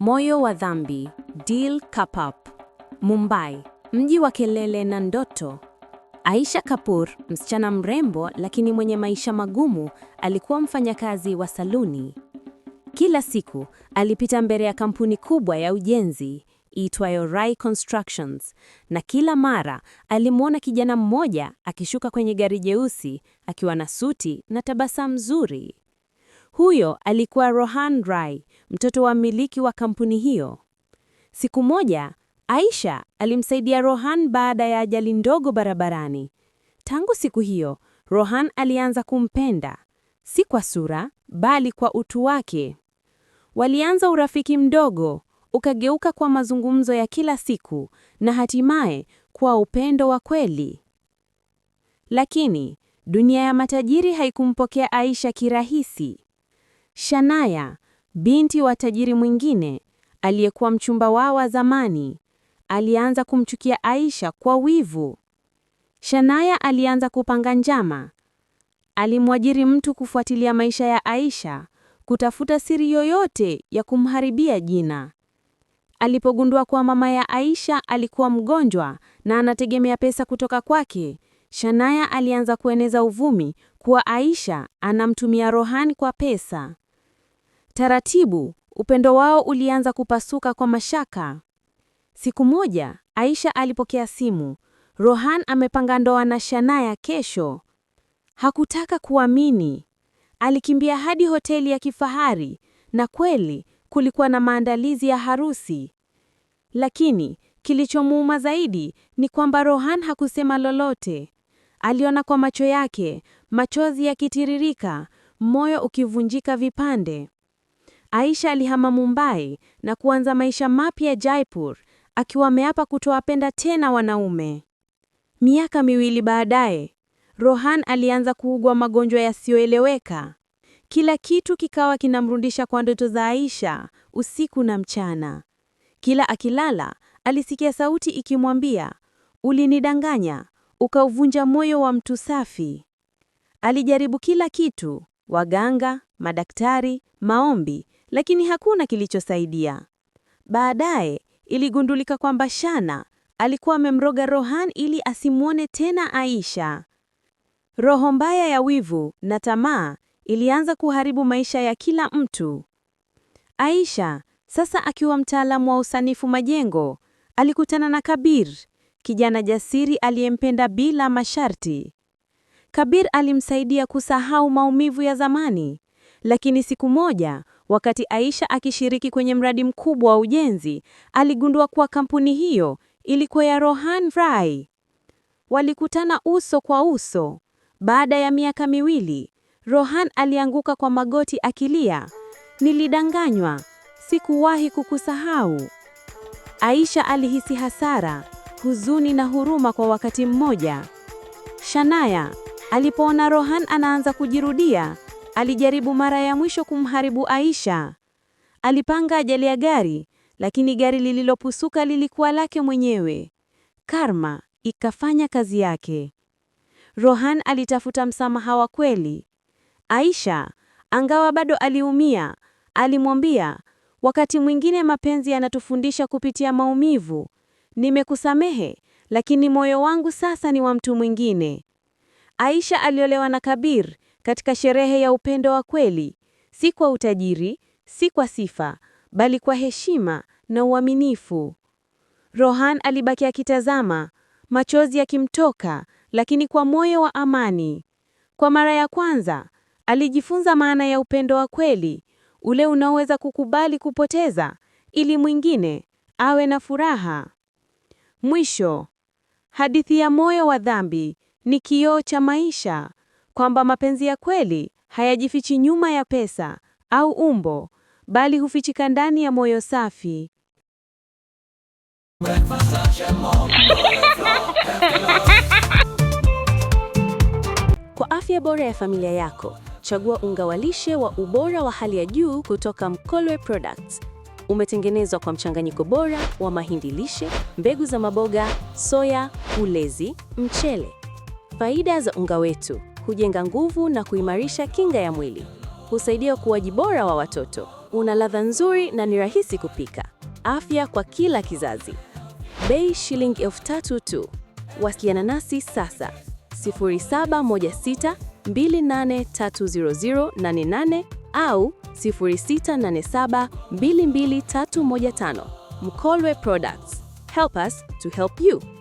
Moyo wa Dhambi, Deal Kapap. Mumbai, mji wa kelele na ndoto. Aisha Kapoor, msichana mrembo lakini mwenye maisha magumu, alikuwa mfanyakazi wa saluni. Kila siku alipita mbele ya kampuni kubwa ya ujenzi iitwayo Rai Constructions, na kila mara alimwona kijana mmoja akishuka kwenye gari jeusi akiwa na suti na tabasamu zuri. Huyo alikuwa Rohan Rai, mtoto wa mmiliki wa kampuni hiyo. Siku moja, Aisha alimsaidia Rohan baada ya ajali ndogo barabarani. Tangu siku hiyo, Rohan alianza kumpenda, si kwa sura, bali kwa utu wake. Walianza urafiki mdogo, ukageuka kwa mazungumzo ya kila siku na hatimaye kwa upendo wa kweli. Lakini dunia ya matajiri haikumpokea Aisha kirahisi. Shanaya, binti wa tajiri mwingine aliyekuwa mchumba wao wa zamani, alianza kumchukia Aisha kwa wivu. Shanaya alianza kupanga njama. Alimwajiri mtu kufuatilia maisha ya Aisha, kutafuta siri yoyote ya kumharibia jina. Alipogundua kuwa mama ya Aisha alikuwa mgonjwa na anategemea pesa kutoka kwake, Shanaya alianza kueneza uvumi kuwa Aisha anamtumia Rohan kwa pesa. Taratibu, upendo wao ulianza kupasuka kwa mashaka. Siku moja, Aisha alipokea simu, Rohan amepanga ndoa na Shanaya kesho. Hakutaka kuamini. Alikimbia hadi hoteli ya kifahari na kweli kulikuwa na maandalizi ya harusi. Lakini kilichomuuma zaidi ni kwamba Rohan hakusema lolote. Aliona kwa macho yake, machozi yakitiririka, moyo ukivunjika vipande. Aisha alihama Mumbai na kuanza maisha mapya Jaipur, akiwa ameapa kutowapenda tena wanaume. Miaka miwili baadaye, Rohan alianza kuugua magonjwa yasiyoeleweka. Kila kitu kikawa kinamrudisha kwa ndoto za Aisha usiku na mchana. Kila akilala alisikia sauti ikimwambia, ulinidanganya, ukauvunja moyo wa mtu safi. Alijaribu kila kitu, waganga, madaktari, maombi, lakini hakuna kilichosaidia. Baadaye iligundulika kwamba Shana alikuwa amemroga Rohan ili asimwone tena Aisha. Roho mbaya ya wivu na tamaa ilianza kuharibu maisha ya kila mtu. Aisha, sasa akiwa mtaalamu wa usanifu majengo, alikutana na Kabir, kijana jasiri aliyempenda bila masharti. Kabir alimsaidia kusahau maumivu ya zamani lakini siku moja, wakati Aisha akishiriki kwenye mradi mkubwa wa ujenzi, aligundua kuwa kampuni hiyo ilikuwa ya Rohan Rai. Walikutana uso kwa uso. Baada ya miaka miwili, Rohan alianguka kwa magoti akilia, nilidanganywa, sikuwahi kukusahau. Aisha alihisi hasara, huzuni na huruma kwa wakati mmoja. Shanaya alipoona Rohan anaanza kujirudia, Alijaribu mara ya mwisho kumharibu Aisha. Alipanga ajali ya gari, lakini gari lililopusuka lilikuwa lake mwenyewe. Karma ikafanya kazi yake. Rohan alitafuta msamaha wa kweli. Aisha, angawa bado aliumia, alimwambia, wakati mwingine mapenzi yanatufundisha kupitia maumivu. Nimekusamehe, lakini moyo wangu sasa ni wa mtu mwingine. Aisha aliolewa na Kabir, katika sherehe ya upendo wa kweli, si kwa utajiri, si kwa sifa, bali kwa heshima na uaminifu. Rohan alibaki akitazama, machozi yakimtoka, lakini kwa moyo wa amani. Kwa mara ya kwanza alijifunza maana ya upendo wa kweli, ule unaoweza kukubali kupoteza ili mwingine awe na furaha. Mwisho, hadithi ya moyo wa dhambi ni kioo cha maisha, kwamba mapenzi ya kweli hayajifichi nyuma ya pesa au umbo, bali hufichika ndani ya moyo safi. Kwa afya bora ya familia yako, chagua unga wa lishe wa ubora wa hali ya juu kutoka Mkolwe Products. Umetengenezwa kwa mchanganyiko bora wa mahindi lishe, mbegu za maboga, soya, ulezi, mchele. Faida za unga wetu: hujenga nguvu na kuimarisha kinga ya mwili, husaidia ukuaji bora wa watoto, una ladha nzuri na ni rahisi kupika, afya kwa kila kizazi. Bei shilingi elfu tatu tu. Wasiliana nasi sasa 0716283088 au 0687223115. Mkolwe Products. Help us to help you.